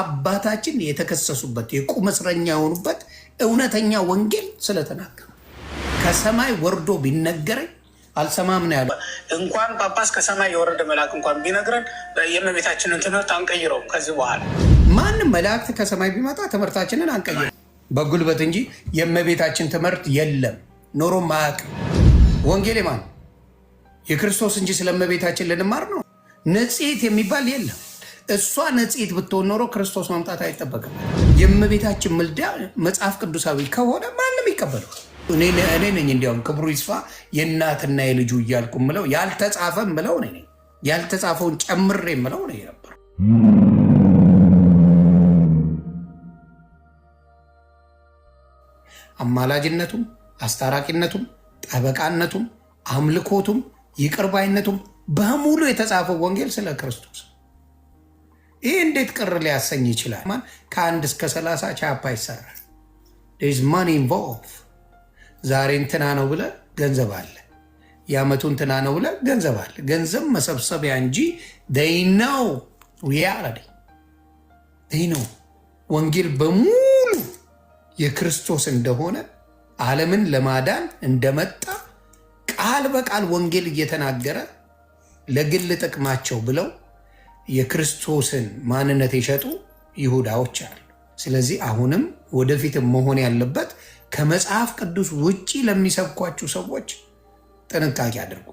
አባታችን የተከሰሱበት የቁም እስረኛ የሆኑበት እውነተኛ ወንጌል ስለተናገሩ ከሰማይ ወርዶ ቢነገረኝ አልሰማም ነው ያለው። እንኳን ጳጳስ ከሰማይ የወረደ መልአክ እንኳን ቢነግረን የእመቤታችንን ትምህርት አንቀይረውም። ከዚህ በኋላ ማንም መላእክት ከሰማይ ቢመጣ ትምህርታችንን አንቀይረው በጉልበት እንጂ የእመቤታችን ትምህርት የለም ኖሮም አያውቅም። ወንጌል የማን የክርስቶስ እንጂ ስለ እመቤታችን ልንማር ነው። ንጽሕት የሚባል የለም። እሷ ነጽት ብትሆን ኖሮ ክርስቶስ ማምጣት አይጠበቅም። የእመቤታችን ምልዳ መጽሐፍ ቅዱሳዊ ከሆነ ማንም ይቀበለው። እኔ ነኝ እንዲያውም ክብሩ ይስፋ የእናትና የልጁ እያልኩ ምለው ያልተጻፈ ምለው ነ ያልተጻፈውን ጨምሬ ምለው ነው የነበረው። አማላጅነቱም አስታራቂነቱም ጠበቃነቱም አምልኮቱም ይቅርባይነቱም በሙሉ የተጻፈው ወንጌል ስለ ክርስቶስ ይሄ እንዴት ቅር ሊያሰኝ ይችላል? ማን ከአንድ እስከ ሰላሳ ቻፓ ይሰራል። ማኒ ኢንቮልቭ ዛሬ እንትና ነው ብለ ገንዘብ አለ የአመቱ እንትና ነው ብለ ገንዘብ አለ። ገንዘብ መሰብሰቢያ እንጂ ነው ሪያልቲ ነው። ወንጌል በሙሉ የክርስቶስ እንደሆነ ዓለምን ለማዳን እንደመጣ ቃል በቃል ወንጌል እየተናገረ ለግል ጥቅማቸው ብለው የክርስቶስን ማንነት የሸጡ ይሁዳዎች አሉ። ስለዚህ አሁንም ወደፊትም መሆን ያለበት ከመጽሐፍ ቅዱስ ውጪ ለሚሰብኳችሁ ሰዎች ጥንቃቄ አድርጉ።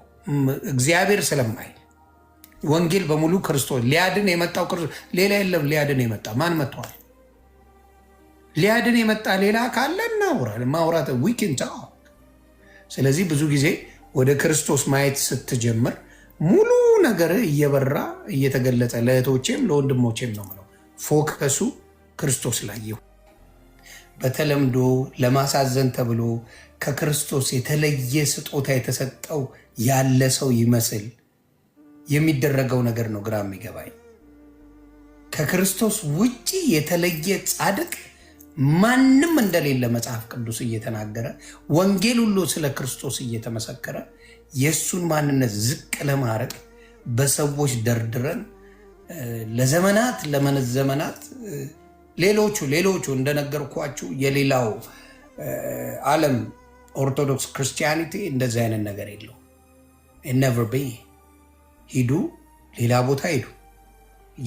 እግዚአብሔር ስለማይ ወንጌል በሙሉ ክርስቶስ ሊያድን የመጣው ክርስቶስ ሌላ የለም። ሊያድን የመጣ ማን መጥተዋል? ሊያድን የመጣ ሌላ ካለ እናውራል ማውራት ዊኪንታ። ስለዚህ ብዙ ጊዜ ወደ ክርስቶስ ማየት ስትጀምር ሙሉ ነገር እየበራ እየተገለጸ ለእህቶቼም ለወንድሞቼም ነው ምለው ፎከሱ ክርስቶስ ላይ ይሁን። በተለምዶ ለማሳዘን ተብሎ ከክርስቶስ የተለየ ስጦታ የተሰጠው ያለ ሰው ይመስል የሚደረገው ነገር ነው ግራ የሚገባኝ። ከክርስቶስ ውጪ የተለየ ጻድቅ ማንም እንደሌለ መጽሐፍ ቅዱስ እየተናገረ ወንጌል ሁሉ ስለ ክርስቶስ እየተመሰከረ የእሱን ማንነት ዝቅ ለማድረግ በሰዎች ደርድረን ለዘመናት ለመነት ዘመናት ሌሎቹ ሌሎቹ እንደነገርኳችሁ የሌላው ዓለም ኦርቶዶክስ ክርስቲያኒቲ እንደዚህ አይነት ነገር የለው። ነቨር ሂዱ፣ ሌላ ቦታ ሂዱ፣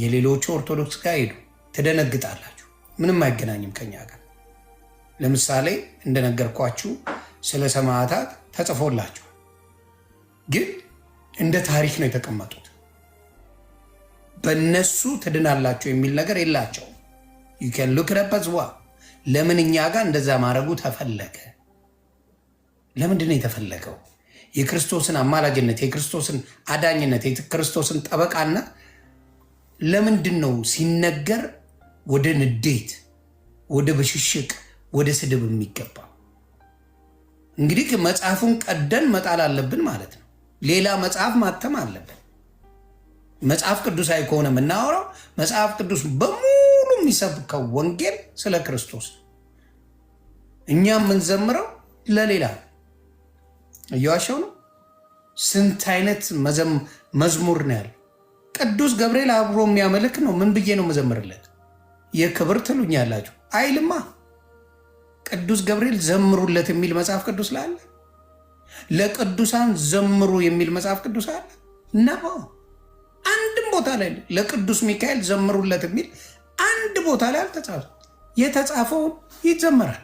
የሌሎቹ ኦርቶዶክስ ጋር ሂዱ፣ ትደነግጣላችሁ። ምንም አይገናኝም ከኛ ጋር። ለምሳሌ እንደነገርኳችሁ ስለ ሰማዕታት ተጽፎላችሁ ግን እንደ ታሪክ ነው የተቀመጡት። በእነሱ ትድናላቸው የሚል ነገር የላቸው ዩን ሉክ ረበዝዋ ለምን እኛ ጋር እንደዛ ማድረጉ ተፈለገ? ለምንድን ነው የተፈለገው? የክርስቶስን አማላጅነት፣ የክርስቶስን አዳኝነት፣ የክርስቶስን ጠበቃና ለምንድን ነው ሲነገር ወደ ንዴት፣ ወደ ብሽሽቅ፣ ወደ ስድብ የሚገባ? እንግዲህ መጽሐፉን ቀደን መጣል አለብን ማለት ነው። ሌላ መጽሐፍ ማተም አለብን። መጽሐፍ ቅዱሳዊ ከሆነ የምናወራው መጽሐፍ ቅዱስ በሙሉ የሚሰብከው ወንጌል ስለ ክርስቶስ እኛ የምንዘምረው ለሌላ ነው። እየዋሸው ነው። ስንት አይነት መዝሙር ነው ያለ። ቅዱስ ገብርኤል አብሮ የሚያመልክ ነው። ምን ብዬ ነው መዘምርለት? የክብር ትሉኛላችሁ አይልማ። ቅዱስ ገብርኤል ዘምሩለት የሚል መጽሐፍ ቅዱስ ላለ ለቅዱሳን ዘምሩ የሚል መጽሐፍ ቅዱስ አለ እና አንድም ቦታ ላይ ለቅዱስ ሚካኤል ዘምሩለት የሚል አንድ ቦታ ላይ አልተጻፈ። የተጻፈውን ይዘመራል።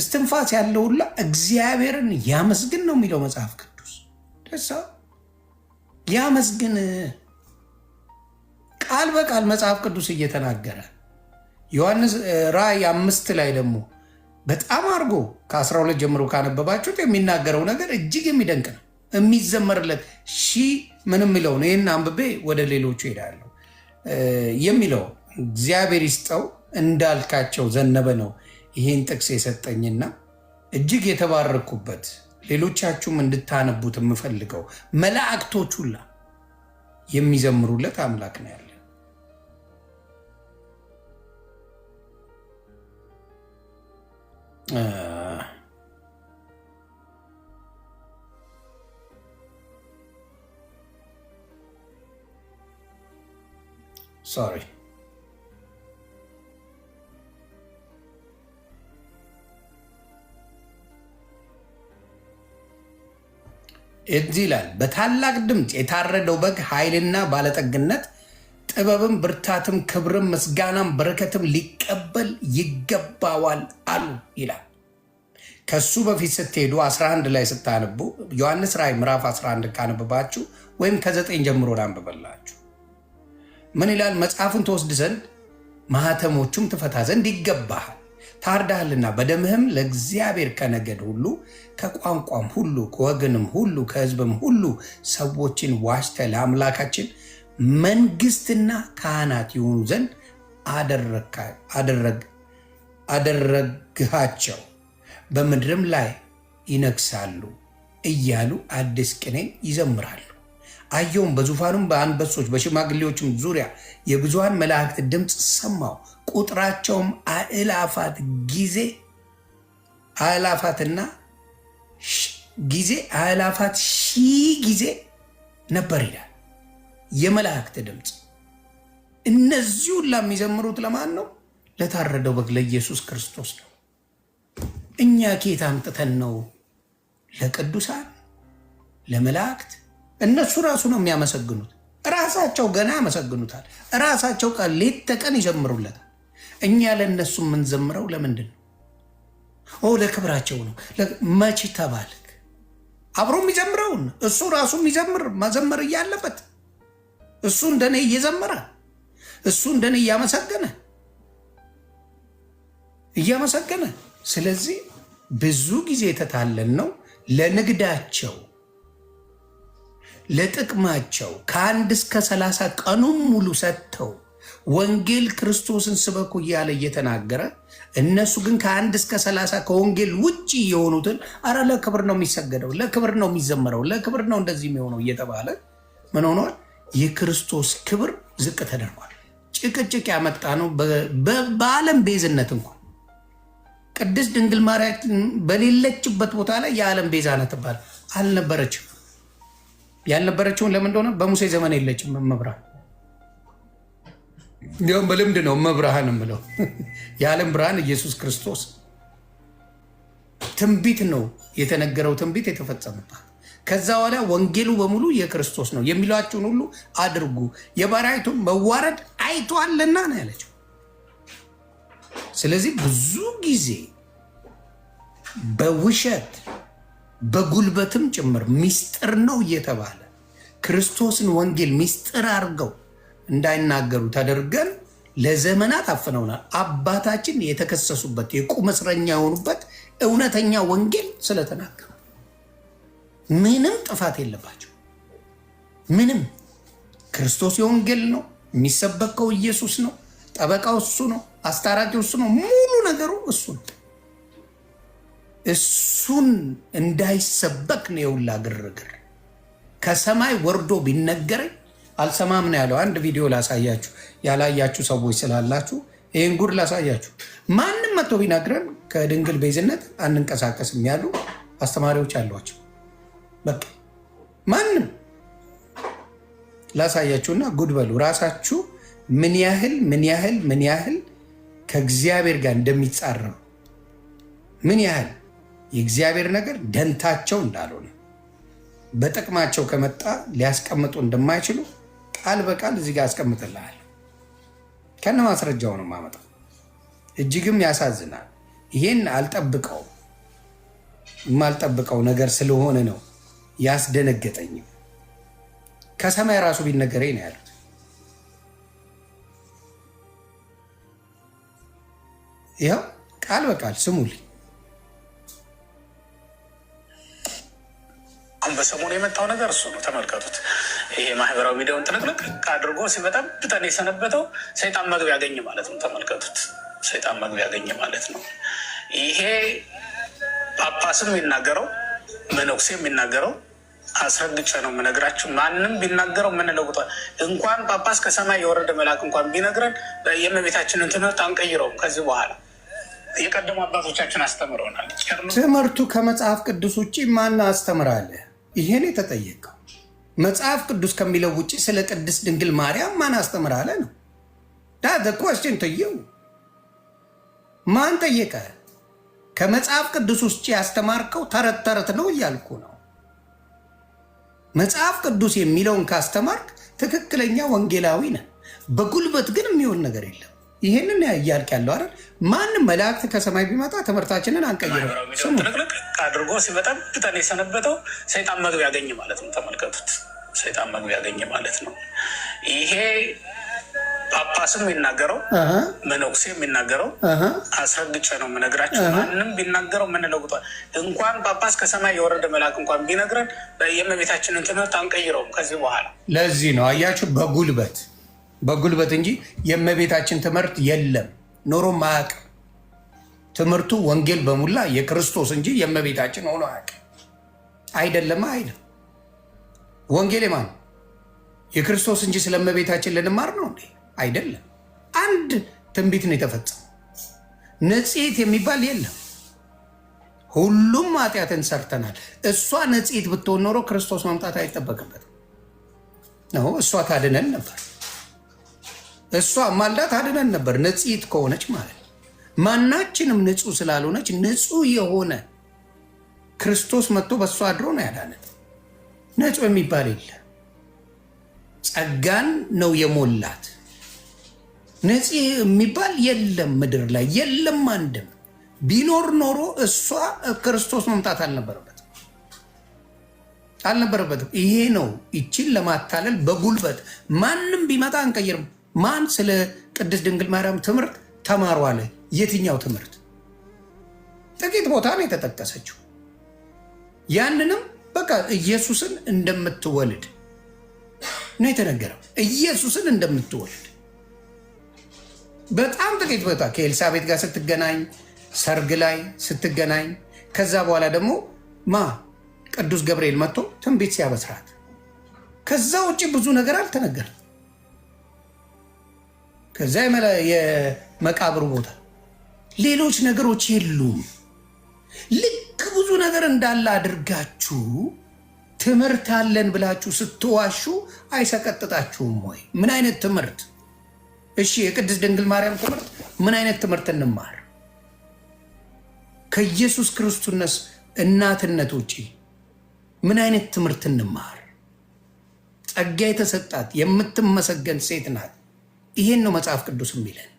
እስትንፋስ ያለው ሁላ እግዚአብሔርን ያመስግን ነው የሚለው መጽሐፍ ቅዱስ። ደሳ ያመስግን ቃል በቃል መጽሐፍ ቅዱስ እየተናገረ ዮሐንስ ራእይ አምስት ላይ ደግሞ በጣም አድርጎ ከአስራ ሁለት ጀምሮ ካነበባችሁት የሚናገረው ነገር እጅግ የሚደንቅ ነው። የሚዘመርለት ሺ ምንም የሚለው ነው። ይህን አንብቤ ወደ ሌሎቹ ሄዳለሁ የሚለው እግዚአብሔር ይስጠው እንዳልካቸው ዘነበ ነው ይህን ጥቅስ የሰጠኝና እጅግ የተባረኩበት ሌሎቻችሁም እንድታነቡት የምፈልገው መላእክቶች ሁላ የሚዘምሩለት አምላክ ነው ያለው። ሳሪ uh, እንዲህ ይላል፣ በታላቅ ድምፅ የታረደው በግ ኃይልና ባለጠግነት ጥበብም ብርታትም ክብርም ምስጋናም በረከትም ሊቀበል ይገባዋል አሉ ይላል። ከሱ በፊት ስትሄዱ 11 ላይ ስታነቡ ዮሐንስ ራእይ ምዕራፍ 11 ካነብባችሁ ወይም ከዘጠኝ ጀምሮ ላንብበላችሁ ምን ይላል? መጽሐፉን ትወስድ ዘንድ ማህተሞቹም ትፈታ ዘንድ ይገባሃል ታርዳሃልና በደምህም ለእግዚአብሔር ከነገድ ሁሉ ከቋንቋም ሁሉ ከወገንም ሁሉ ከሕዝብም ሁሉ ሰዎችን ዋሽተ ለአምላካችን መንግስትና ካህናት የሆኑ ዘንድ አደረግሃቸው፣ በምድርም ላይ ይነግሳሉ እያሉ አዲስ ቅኔ ይዘምራሉ። አየውም፣ በዙፋኑም በአንበሶች በሽማግሌዎችም ዙሪያ የብዙሃን መላእክት ድምፅ ሰማው ቁጥራቸውም አእላፋት ጊዜ አእላፋትና ጊዜ አእላፋት ሺህ ጊዜ ነበር ይላል። የመላእክት ድምፅ። እነዚህ ሁላ የሚዘምሩት ለማን ነው? ለታረደው በግ ለኢየሱስ ክርስቶስ ነው። እኛ ኬት አምጥተን ነው? ለቅዱሳን ለመላእክት። እነሱ ራሱ ነው የሚያመሰግኑት። ራሳቸው ገና ያመሰግኑታል። ራሳቸው ቃል ሌት ተቀን ይዘምሩለታል። እኛ ለእነሱ የምንዘምረው ለምንድን ነው? ኦ ለክብራቸው ነው። መች ተባልክ? አብሮ የሚዘምረውን እሱ ራሱ የሚዘምር መዘመር እያለበት እሱ እንደኔ እየዘመረ እሱ እንደኔ እያመሰገነ እያመሰገነ ስለዚህ ብዙ ጊዜ የተታለን ነው ለንግዳቸው ለጥቅማቸው ከአንድ እስከ ሰላሳ ቀኑን ሙሉ ሰጥተው ወንጌል ክርስቶስን ስበኩ እያለ እየተናገረ እነሱ ግን ከአንድ እስከ ሰላሳ ከወንጌል ውጭ የሆኑትን አረ ለክብር ነው የሚሰገደው፣ ለክብር ነው የሚዘመረው፣ ለክብር ነው እንደዚህ የሚሆነው እየተባለ ምን ሆኗል? የክርስቶስ ክብር ዝቅ ተደርጓል። ጭቅጭቅ ያመጣ ነው። በዓለም ቤዝነት እንኳን ቅድስት ድንግል ማርያም በሌለችበት ቦታ ላይ የዓለም ቤዛ ናት ትባል አልነበረችም። ያልነበረችውን ለምን እንደሆነ በሙሴ ዘመን የለችም። መብራት እንዲሁም በልምድ ነው መብርሃን የምለው የዓለም ብርሃን ኢየሱስ ክርስቶስ ትንቢት ነው የተነገረው፣ ትንቢት የተፈጸመባት ከዛ በኋላ ወንጌሉ በሙሉ የክርስቶስ ነው የሚሏቸውን ሁሉ አድርጉ፣ የባሪያይቱን መዋረድ አይቷልና ነው ያለችው። ስለዚህ ብዙ ጊዜ በውሸት በጉልበትም ጭምር ሚስጥር ነው እየተባለ ክርስቶስን ወንጌል ሚስጥር አድርገው እንዳይናገሩ ተደርገን ለዘመናት አፍነውናል። አባታችን የተከሰሱበት የቁም እስረኛ የሆኑበት እውነተኛ ወንጌል ስለተናገሩ ምንም ጥፋት የለባቸው። ምንም ክርስቶስ የወንጌል ነው የሚሰበከው ኢየሱስ ነው። ጠበቃው እሱ ነው። አስታራቂው እሱ ነው። ሙሉ ነገሩ እሱ ነው። እሱን እንዳይሰበክ ነው የሁላ ግርግር። ከሰማይ ወርዶ ቢነገረኝ አልሰማም ነው ያለው። አንድ ቪዲዮ ላሳያችሁ፣ ያላያችሁ ሰዎች ስላላችሁ ይህን ጉድ ላሳያችሁ። ማንም መጥቶ ቢነግረን ከድንግል ቤዝነት አንንቀሳቀስም ያሉ አስተማሪዎች አሏቸው። በቃ ማንም ላሳያችሁና ጉድ በሉ ራሳችሁ ምን ያህል ምን ያህል ምን ያህል ከእግዚአብሔር ጋር እንደሚጻረሩ ምን ያህል የእግዚአብሔር ነገር ደንታቸው እንዳልሆነ በጥቅማቸው ከመጣ ሊያስቀምጡ እንደማይችሉ ቃል በቃል እዚህ ጋር አስቀምጥልሃል። ከነ ማስረጃው ነው የማመጣው። እጅግም ያሳዝናል። ይህን አልጠብቀውም። የማልጠብቀው ነገር ስለሆነ ነው ያስደነገጠኝም ከሰማይ ራሱ ቢነገረኝ ነው ያሉት። ይኸው ቃል በቃል ስሙልኝ። አሁን በሰሞኑ የመጣው ነገር እሱ ነው። ተመልከቱት። ይሄ ማህበራዊ ሚዲያውን ጥልቅልቅ አድርጎ ሲበጣም ብጠን የሰነበተው ሰይጣን መግቢያ ያገኝ ማለት ነው። ተመልከቱት። ሰይጣን መግቢያ ያገኝ ማለት ነው። ይሄ ጳጳስም የሚናገረው መነኩሴ የሚናገረው አስረግጬ ነው የምነግራችሁ። ማንም ቢናገረው የምንለውጠዋል። እንኳን ጳጳስ ከሰማይ የወረደ መልአክ እንኳን ቢነግረን የእመቤታችንን ትምህርት አንቀይረውም። ከዚህ በኋላ የቀደሙ አባቶቻችን አስተምረውናል። ትምህርቱ ከመጽሐፍ ቅዱስ ውጭ ማን አስተምራለ? ይሄን የተጠየቀው መጽሐፍ ቅዱስ ከሚለው ውጭ ስለ ቅድስት ድንግል ማርያም ማን አስተምራለ ነው ዳደኮስችን ትየው ማን ጠየቀ? ከመጽሐፍ ቅዱስ ውጭ ያስተማርከው ተረት ተረት ነው እያልኩ ነው። መጽሐፍ ቅዱስ የሚለውን ካስተማርክ ትክክለኛ ወንጌላዊ ነህ። በጉልበት ግን የሚሆን ነገር የለም። ይህንን እያልቅ ያለው አይደል? ማንም መላእክት ከሰማይ ቢመጣ ትምህርታችንን አንቀይረው አድርጎ ሲመጣ ብጠን የሰነበተው ሰይጣን መግቢያ ያገኝ ማለት ነው። ተመልከቱት፣ ሰይጣን መግቢያ ያገኝ ማለት ነው ይሄ ጳጳስ የሚናገረው መነኩሴ የሚናገረው አስረግጬ ነው የምነግራቸው። ማንም ቢናገረው ምን ለውጧል? እንኳን ጳጳስ ከሰማይ የወረደ መልአክ እንኳን ቢነግረን የእመቤታችንን ትምህርት አንቀይረውም ከዚህ በኋላ። ለዚህ ነው አያችሁ፣ በጉልበት በጉልበት እንጂ የእመቤታችን ትምህርት የለም ኖሮ ማያቅ ትምህርቱ ወንጌል በሙላ የክርስቶስ እንጂ የእመቤታችን ሆኖ አያቅ አይደለም አይልም። ወንጌል የማን የክርስቶስ እንጂ ስለእመቤታችን ልንማር ነው እንዴ? አይደለም። አንድ ትንቢት ነው የተፈጸመው። ንጽሕት የሚባል የለም። ሁሉም ኃጢአትን ሰርተናል። እሷ ንጽሕት ብትሆን ኖሮ ክርስቶስ መምጣት አይጠበቅበትም ነው። እሷ ታድነን ነበር። እሷ ማልዳት አድነን ነበር፣ ንጽሕት ከሆነች ማለት ማናችንም ንጹህ ስላልሆነች ንጹህ የሆነ ክርስቶስ መጥቶ በእሷ አድሮ ነው ያዳነት። ንጹሕ የሚባል የለ ጸጋን ነው የሞላት ነፂህ የሚባል የለም፣ ምድር ላይ የለም። አንድም ቢኖር ኖሮ እሷ ክርስቶስ መምጣት አልነበረበትም አልነበረበትም። ይሄ ነው ይችን ለማታለል በጉልበት ማንም ቢመጣ አንቀይርም። ማን ስለ ቅድስት ድንግል ማርያም ትምህርት ተማሩ አለ? የትኛው ትምህርት? ጥቂት ቦታ ነው የተጠቀሰችው። ያንንም በቃ ኢየሱስን እንደምትወልድ ነው የተነገረው። ኢየሱስን እንደምትወልድ በጣም ጥቂት ቦታ ከኤልሳቤት ጋር ስትገናኝ፣ ሰርግ ላይ ስትገናኝ፣ ከዛ በኋላ ደግሞ ማ ቅዱስ ገብርኤል መጥቶ ትንቢት ሲያበስራት፣ ከዛ ውጭ ብዙ ነገር አልተነገርም። ከዛ የመቃብሩ ቦታ ሌሎች ነገሮች የሉም። ልክ ብዙ ነገር እንዳለ አድርጋችሁ ትምህርት አለን ብላችሁ ስትዋሹ አይሰቀጥጣችሁም ወይ? ምን አይነት ትምህርት እሺ የቅድስት ድንግል ማርያም ትምህርት ምን አይነት ትምህርት እንማር? ከኢየሱስ ክርስቶስ እናትነት ውጪ ምን አይነት ትምህርት እንማር? ጸጋ የተሰጣት የምትመሰገን ሴት ናት። ይሄን ነው መጽሐፍ ቅዱስ የሚለን።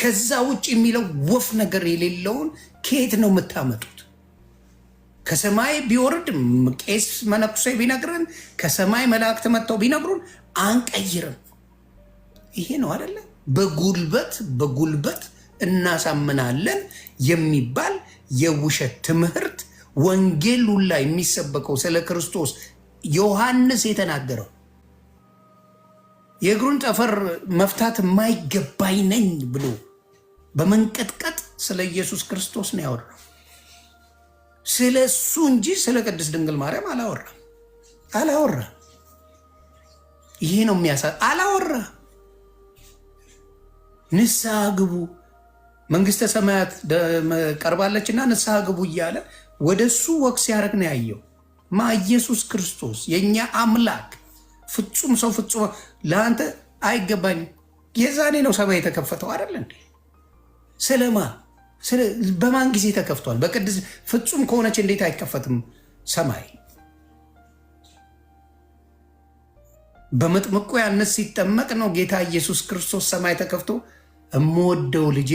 ከዛ ውጭ የሚለው ወፍ ነገር የሌለውን ከየት ነው የምታመጡት? ከሰማይ ቢወርድ ቄስ መነኩሴ ቢነግረን፣ ከሰማይ መላእክት መጥተው ቢነግሩን አንቀይርም። ይሄ ነው አይደለ? በጉልበት በጉልበት እናሳምናለን የሚባል የውሸት ትምህርት ወንጌሉ ላይ የሚሰበከው ስለ ክርስቶስ ዮሐንስ የተናገረው የእግሩን ጠፈር መፍታት የማይገባኝ ነኝ ብሎ በመንቀጥቀጥ ስለ ኢየሱስ ክርስቶስ ነው ያወራው። ስለ እሱ እንጂ ስለ ቅድስት ድንግል ማርያም አላወራ አላወራ። ይሄ ነው የሚያሳ አላወራ ንስሐ ግቡ መንግስተ ሰማያት ቀርባለችና ንስሐ ግቡ እያለ ወደ እሱ ወቅ ሲያደርግ ነው ያየው። ማ ኢየሱስ ክርስቶስ የእኛ አምላክ ፍጹም ሰው ፍጹም ለአንተ አይገባኝም። የዛኔ ነው ሰማይ የተከፈተው አይደል እንዴ? ስለማ በማን ጊዜ ተከፍቷል? በቅድስ ፍጹም ከሆነች እንዴት አይከፈትም ሰማይ? በመጥምቁ ያነስ ሲጠመቅ ነው ጌታ ኢየሱስ ክርስቶስ ሰማይ ተከፍቶ እምወደው ልጄ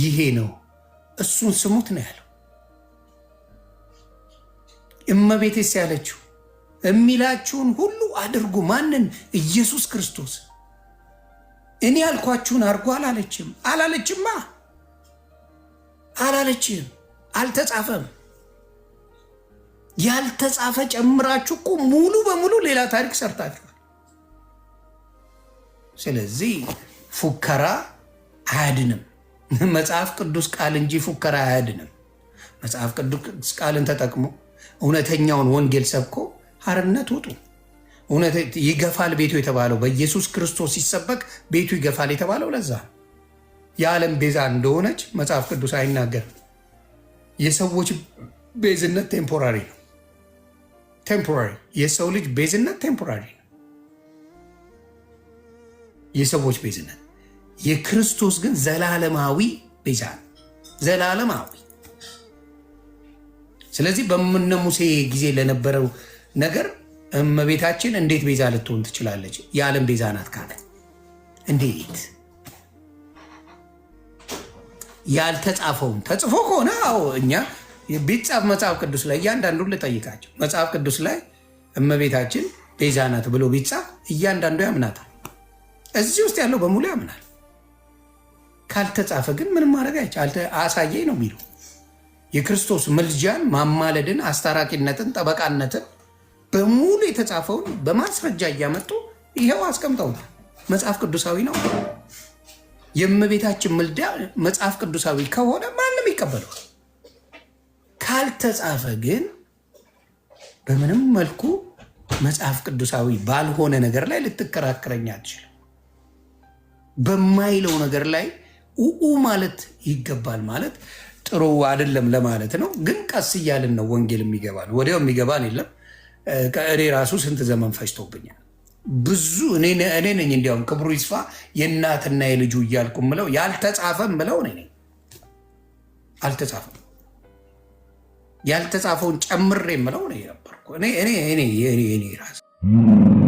ይሄ ነው እሱን ስሙት ነው ያለው። እመቤቴስ ያለችው የሚላችሁን ሁሉ አድርጉ። ማንን? ኢየሱስ ክርስቶስ። እኔ ያልኳችሁን አድርጉ አላለችም። አላለችማ፣ አላለችም። አልተጻፈም። ያልተጻፈ ጨምራችሁ እኮ ሙሉ በሙሉ ሌላ ታሪክ ሰርታችኋል። ስለዚህ ፉከራ አያድንም። መጽሐፍ ቅዱስ ቃል እንጂ ፉከራ አያድንም። መጽሐፍ ቅዱስ ቃልን ተጠቅሞ እውነተኛውን ወንጌል ሰብኮ ሐርነት ውጡ። ይገፋል ቤቱ የተባለው በኢየሱስ ክርስቶስ ሲሰበክ ቤቱ ይገፋል የተባለው ለዛ የዓለም ቤዛ እንደሆነች መጽሐፍ ቅዱስ አይናገርም። የሰዎች ቤዝነት ቴምፖራሪ ነው። ቴምፖራሪ የሰው ልጅ ቤዝነት ቴምፖራሪ የሰዎች ቤዝነት የክርስቶስ ግን ዘላለማዊ ቤዛ ዘላለማዊ ስለዚህ በምነ ሙሴ ጊዜ ለነበረው ነገር እመቤታችን እንዴት ቤዛ ልትሆን ትችላለች? የዓለም ቤዛ ናት ካለ እንዴት ያልተጻፈውን ተጽፎ ከሆነ አዎ እኛ ቢጻፍ መጽሐፍ ቅዱስ ላይ እያንዳንዱን ልጠይቃቸው። መጽሐፍ ቅዱስ ላይ እመቤታችን ቤዛ ናት ብሎ ቢጻፍ እያንዳንዱ ያምናታል። እዚህ ውስጥ ያለው በሙሉ ያምናል። ካልተጻፈ ግን ምንም ማድረግ አሳየኝ ነው የሚለው። የክርስቶስ ምልጃን፣ ማማለድን፣ አስታራቂነትን፣ ጠበቃነትን በሙሉ የተጻፈውን በማስረጃ እያመጡ ይኸው አስቀምጠውታል። መጽሐፍ ቅዱሳዊ ነው። የእመቤታችን ምልዳ መጽሐፍ ቅዱሳዊ ከሆነ ማንም ይቀበለዋል። ካልተጻፈ ግን በምንም መልኩ መጽሐፍ ቅዱሳዊ ባልሆነ ነገር ላይ ልትከራከረኝ አትችልም። በማይለው ነገር ላይ ኡኡ ማለት ይገባል። ማለት ጥሩ አይደለም ለማለት ነው። ግን ቀስ እያልን ነው ወንጌል የሚገባን። ወዲያው የሚገባን የለም። እኔ ራሱ ስንት ዘመን ፈጅቶብኛል። ብዙ እኔ ነኝ እንዲያውም ክብሩ ይስፋ የእናትና የልጁ እያልኩ ምለው ያልተጻፈም ምለው እኔ ነኝ። አልተጻፈም ያልተጻፈውን ጨምሬ ምለው እኔ ነበርኩ እኔ እኔ እኔ ራሴ